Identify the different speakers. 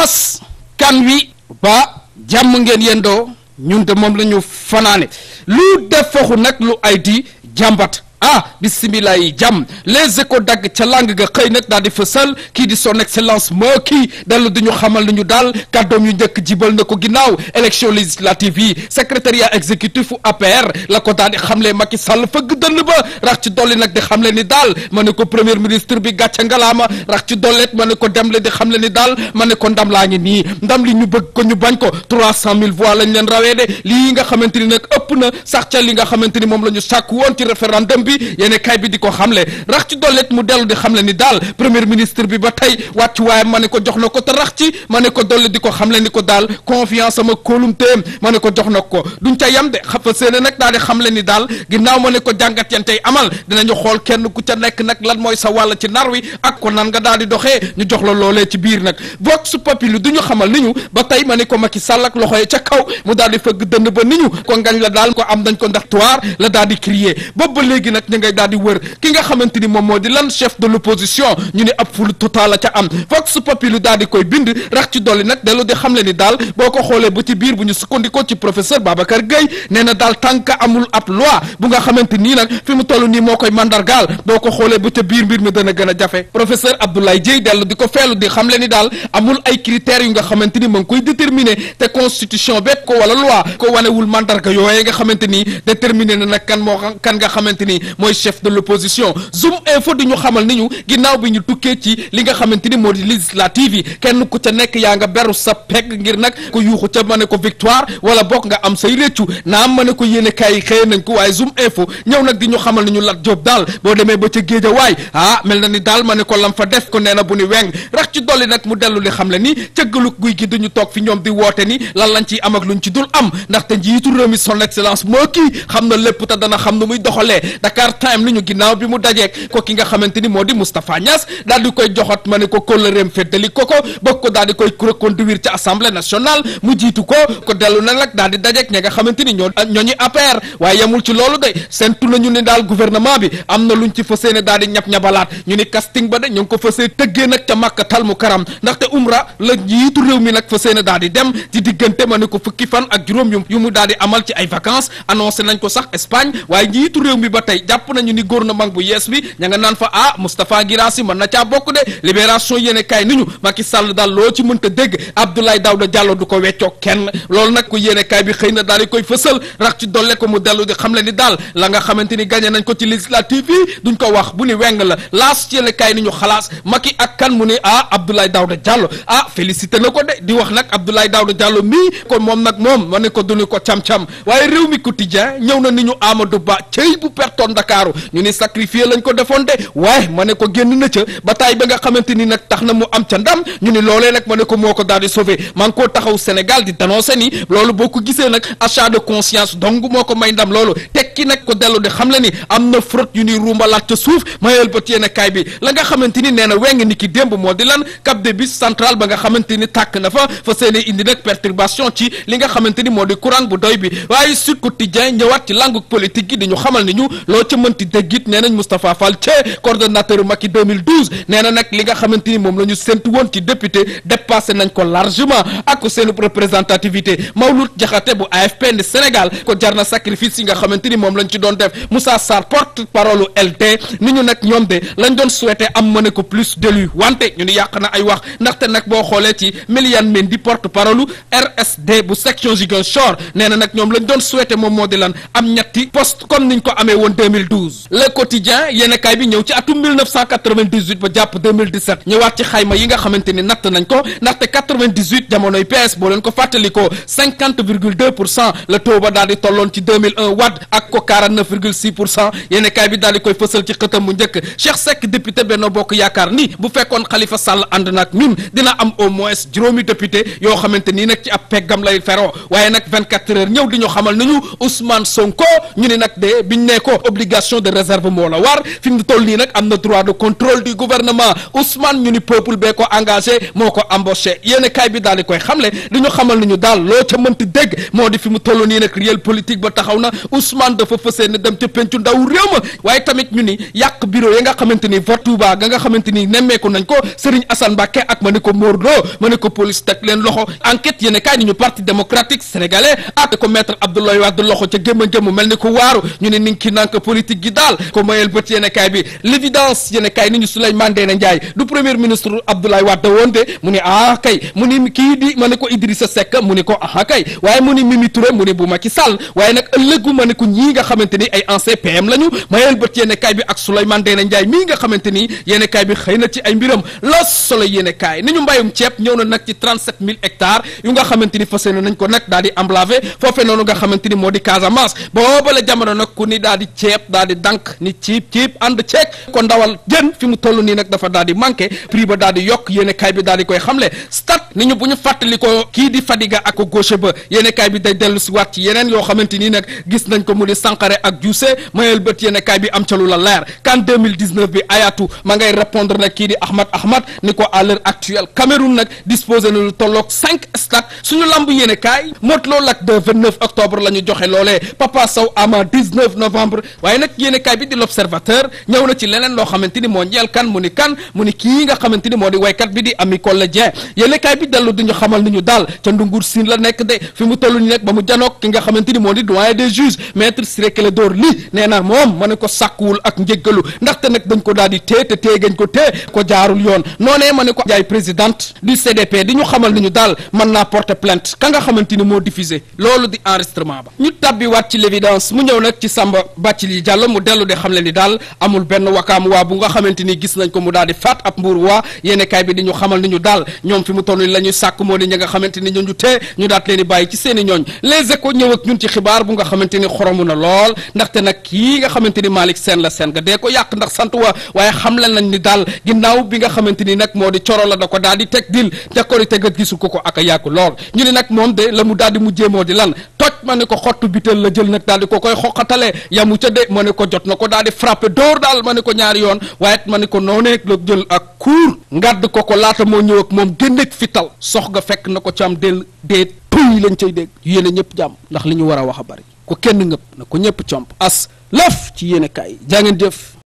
Speaker 1: askan wi ba jàmm ngeen yendoo ñun de moom la ñu fanaane lu def faxu nag lu ay di jàmbat ah bisimilah yi jàmm les échos dagg ca lang ga xëy nag daal di fësal kii di son excellence moo kii dellu di ñu xamal lu ñu daal kàddoom yu njëkk jibal na ko ginnaaw élection législative yi secrétariat exécutif APR la ko daal di xamle Macky Sall fëgg dënn ba rax ci dolli nag di xamle ni daal ma ne ko premier ministre bi gàcce ngalaama ci dollet ma ne ko dem le di xamle ni daal ma ne ko ndam laa ngi nii ndam li ñu bëgg ko ñu bañ ko trois cent mille voix lañ leen rawee de lii nga xamante ni nag ëpp na sax ca li nga xamante ni moom la ñu sàkk woon ci référendum bi bi yéen kay bi di ko xamle rax ci dollet mu dellu di xamle ni daal premier ministre bi ba tey wàccu waaye ma ne ko jox na ko te rax ci ma ne ko dolli di ko xamle ni ko daal confiance sama kóolumteem ma ne ko jox na ko duñ ca yam de xafa séene nag daal di xamle ni daal ginnaaw ma ne ko jàngat yan tey amal dinañu xool kenn ku ca nekk nag lan mooy sa wàll ci nar wi ak ko nan nga daal di doxee ñu jox la loolee ci biir nag vox populi du ñu xamal ni ñu ba tey ma ne ko Macky Sall ak loxo yi ca kaw mu daal di fëgg dënd ba ni ñu ko ngañ la daal ko am dañ ko ndax tuwaar la daal di crier rek ngay daal di wër ki nga xamante ni moom moo di lan chef de l'opposition ñu ne ab ful total la ca am vox populi daal di koy bind rax ci dolli nag dellu di xamle ni daal boo ko xoolee ba ci biir bu ñu sukkandikoo ci professeur Babacar Gueye na daal tànk amul ab loi bu nga xamante nii nag fi mu toll nii moo koy mandargaal boo ko xoolee ba ca biir mbir mi dana gën a jafe professeur Abdoulaye Dieye dellu di ko feelu di xamle ni daal amul ay critères yu nga xamante ni ma ngi koy déterminer te constitution beeg ko wala loi ko wanewul mandarga yooye nga xamante ni déterminer na nag kan moo kan nga xamante ni mooy chef de l'opposition Zoom Info di ñu xamal ni ñu ginnaaw bi ñu dukkee ci li nga xamante ni moo di législative yi kenn ku ca nekk yaa nga beru sa pegg ngir nag ko yuuxu ca ma ne ko victoire wala bokk nga am say réccu naam ma ne ko yéene kaay xëy nañ ko waaye Zoom Info ñëw nag di ñu xamal ni ñu Lat Diop daal boo demee ba ca géej waay ah mel na ni daal ma ne ko lam fa def ko nee na bu ni weng rax ci dolli nag mu dellu li xam le ni cëggaluk guy gi duñu toog fi ñoom di woote ni lan lañ ciy am ak ci dul am ndaxte njiitu réew mi son excellence moo kii xam na lépp te dana xam nu muy doxalee Dakar Time li ñu ginnaaw bi mu dajeek ko ki nga xamante ni moo di Moustapha Niass daal di koy joxat ma ne ko kóllëreem féetali ko ko ba ko daal di koy reconduire ci assemblée nationale mu jiitu ko ko dellu na nag daal di dajeek ña nga xamante ni ñoo ñooñu APR waaye yemul ci loolu de na nañu ne daal gouvernement bi am na lu ñu ci fësee ne daal di ñab ñabalaat ñu ni casting ba de ñu ngi ko fësee tëggee nag ca màkkatal mu karam ndaxte umra la njiitu réew mi nag fësee daal di dem ci diggante ma ne ko fukki fan ak juróom yu mu daal di amal ci ay vacances annoncé nañ ko sax Espagne waaye njiitu réew mi ba tey jàpp nañu ni gouvernement bu yees bi ña nga naan fa ah Moustapha Guirassy mën na caa bokk de libération yéene kaay ni ñu Macky sàll daal loo ci mënta dégg Abdoulaye Daouda Diallo du ko weccoo kenn loolu nag ku yéene kaay bi xëy na daal di koy fësal rax ci dolle ko mu dellu di xam le ni daal la nga xamante ni gagné nañ ko ci législative yi duñ ko wax bu ni weng la laas ci yéene kaay ni ñu xalaas Macky ak kan mu ne ah Abdoulaye Daouda Diallo ah félicité na ko de di wax nag Abdoulaye Daouda Diallo mii kon moom nag moom ma ne ko duñu ko cam-cam waaye réew mi quotidien ñëw na ni ñu Amadou Ba cëy bu pertoon tam Dakaaru ñu ni sacrifié lañ ko defoon de waaye ma ne ko génn na ca bataille ba nga xamante ni nag tax na mu am ca ndam ñu ni loolee nag ma ne ko moo ko daal di sauvé maa koo taxaw Sénégal di dénoncé ni loolu boo ko gisee nag achat de conscience dong moo ko may ndam loolu tekki na frotte yu ni rumbalaat ca suuf mayel ba nga xamante ni nee na weng ni démb moo di lan cap de bus central ba nga xamante ni na fa fa seene indi nag perturbation ci li nga xamante ni moo di courant bu doy bi waaye Sud Quotidien ñëwaat ci langue politique gi di xamal ni ñu loo ca mënti dégg it nee nañ Moustapha Fall Thié coordonnateur Macky nee na nag li nga xamante ni moom lañu ñu séntu woon ci député dépassé nañ ko largement ak seen représentativité Mawlud jaxate bu AFP ni Sénégal ko jar na sacrifice yi nga xamante ni moom lañ ci doon def Moussa Sarr porte parole LD ni ñu nag ñoom de lañ doon souhaité am mëne ko plus d'élu wante ñu ni yàq na ay wax ndaxte nag boo xoolee ci Miliane Mendy porte parole RSD bu section Ziguinchor nee na nag ñoom lañ doon souhaité moom moo di lan am le quotidien yéen bi ñëw ci atum ba jàpp ñëwaat ci xayma yi nga xamante ni natt nañ ko ndaxte jamonoy PS boo leen ko fàttalikoo la taux ba daal di tolloon ci 2001 ak ko 49 bi daal koy fësal ci xëtam bu njëkk Cheikh Seck député Benno Bokk Yaakaar ni bu fekkoon Khalifa Sall ànd nag ñun dina am au juróomi député yoo xamante nii nag ci ab peggam lay feroo waaye nag ñëw di ñu xamal nañu Ousmane Sonko ñu ne nag de biñ ne ko de réserve moo la war fi mu toll nii nag am na droit de contrôle du gouvernement Ousmane ñu ni peuple bee ko engagé moo ko embauché yéen bi daal di koy xamle di ñu xamal ni daal loo ca mënti dégg moo di fi mu toll nii nag réel politique ba taxaw na Ousmane dafa fësee ne dem ca pencu ndaw réew ma waaye tamit ñu ni yàq bureau ya nga xamante ni vote Touba ga nga xamante ni nemmeeku nañ ko Serigne Assane Mbacké ak ma ne ko Mor ma ne ko police teg politique gi daal ko mayel bët yéen bi l' évidence ni ñu Souleymane Ndéné Ndiaye du premier ministre Abdoulaye Wade woon de mu ni ah kay mu ni kii di ma ne ko Idrissa Seck mu ni ko ah kay waaye mu ni Mimi mu ni bu Macky Sall waaye nag ëllëgu ma ne ko ñii nga xamante ay ancien lañu mayel bët yéen bi ak Souleymane Ndéné Ndiaye mii nga xamante ni bi xëy na ci ay mbiram la solo yéen ni ñu mbayum ceeb ñëw na nag ci 37000 ceeb daal di dànk ni ciib ciib ànd ceeg ko ndawal jën fi mu toll nii nag dafa daal di manqué prix ba daal di yokk yéene bi daal di koy xamle stat ni ñu bu ñu fàttali ko kii di Fadiga ak gauche ba yéene bi day dellu si waat ci yeneen yoo xamante nii nag gis nañ ko mu di Sankharé ak Juuse mayel bët yéene kaay bi am ca lu la leer kan 2019 bi ayatu ma ngay répondre nag kii di Ahmad Ahmad ni ko à l'heure actuelle Cameroun nag disposé na lu tolloog cinq stades suñu lamb yéene kaay mot loolu ak de 29 octobre la ñu joxe loolee Papa Sow ama 19 novembre waaye nag yéen kaay bi di l'observateur ñëw na ci leneen loo xamante ni moo ñeel kan mu ni kan mu ni kii nga xamante ni moo di waykat bi di Ami Collé Dieng yéen kaay bi dellu di ñu xamal ni ñu daal ca ndungur si la nekk de fi mu toll ni nag ba mu janoog ki nga xamante ni moo di doyen de juges maître Ciré Clédor Ly nee moom ma ne ko sàkkuwul ak njéggalu ndaxte nag dañ ko daal di tée te tée gañ ko tée ko jaarul yoon noonee ma ne ko jaay présidente du CDP di ñu xamal ni ñu daal mën naa porter plainte ka nga xamante ni moo diffusé loolu di enregistrement ba ñu tàbbiwaat ci l'évidence mu ñëw nag ci Samba Bathily yi jàll mu dellu di xam le ni daal amul benn wakaam waa bu nga xamante ni gis nañ ko mu daal di faat ab mbuur waa yéene bi di ñu xamal ni ñu daal ñoom fi mu toll la ñuy sàkk moo di ñu tee di bàyyi ci seen i ñooñ les échos ñun ci xibaar bu nga xamante xoromu na lool ndaxte nag kii nga xamante ni Malick la seen nga dee ko yàq ndax sant wa waaye xam le nañ ni daal ginnaaw bi nga xamante ni nag moo di coro la da ko daal di teg dil te ko di tegat gisu ko ko ñu ni nag moom la mu daal di mujjee moo di lan toj ma ne la jël nag daal di ko koy xoqatale yamu ca de ma ne ko jot na ko daal di frappé dóor daal ma ne ko ñaar yoon waaye ma ne ko noonee la jël ak kuur ngadd ko ko laata moo ñëw ak moom fi fital sox ga fekk na ko ci am del déet tuy lañ cay dégg yéene ñëpp jàmm ndax li ñu war a wax a bari ko kenn ngëpp na ko ñëpp comp as laf ci yéene kaay jaa jëf